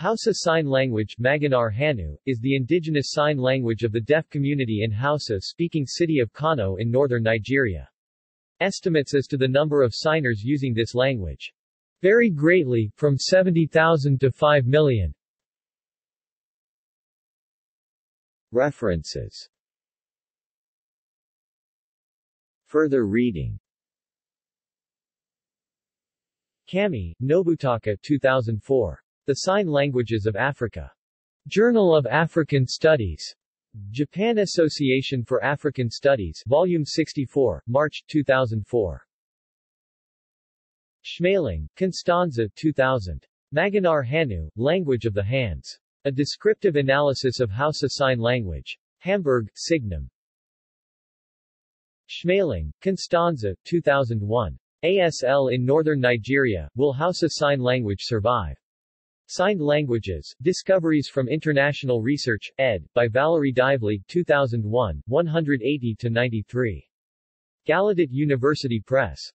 Hausa Sign Language Maganar Hanu, is the indigenous sign language of the deaf community in Hausa-speaking city of Kano in northern Nigeria. Estimates as to the number of signers using this language vary greatly, from 70,000 to 5 million. References Further reading Kami, Nobutaka 2004 the Sign Languages of Africa. Journal of African Studies. Japan Association for African Studies, Volume 64, March 2004. Schmeling, Constanze, 2000. Maganar Hanu, Language of the Hands. A Descriptive Analysis of Hausa Sign Language. Hamburg, Signum. Schmeling, Constanze, 2001. ASL in Northern Nigeria, Will Hausa Sign Language Survive? Signed Languages, Discoveries from International Research, ed., by Valerie Dively, 2001, 180-93. Gallaudet University Press.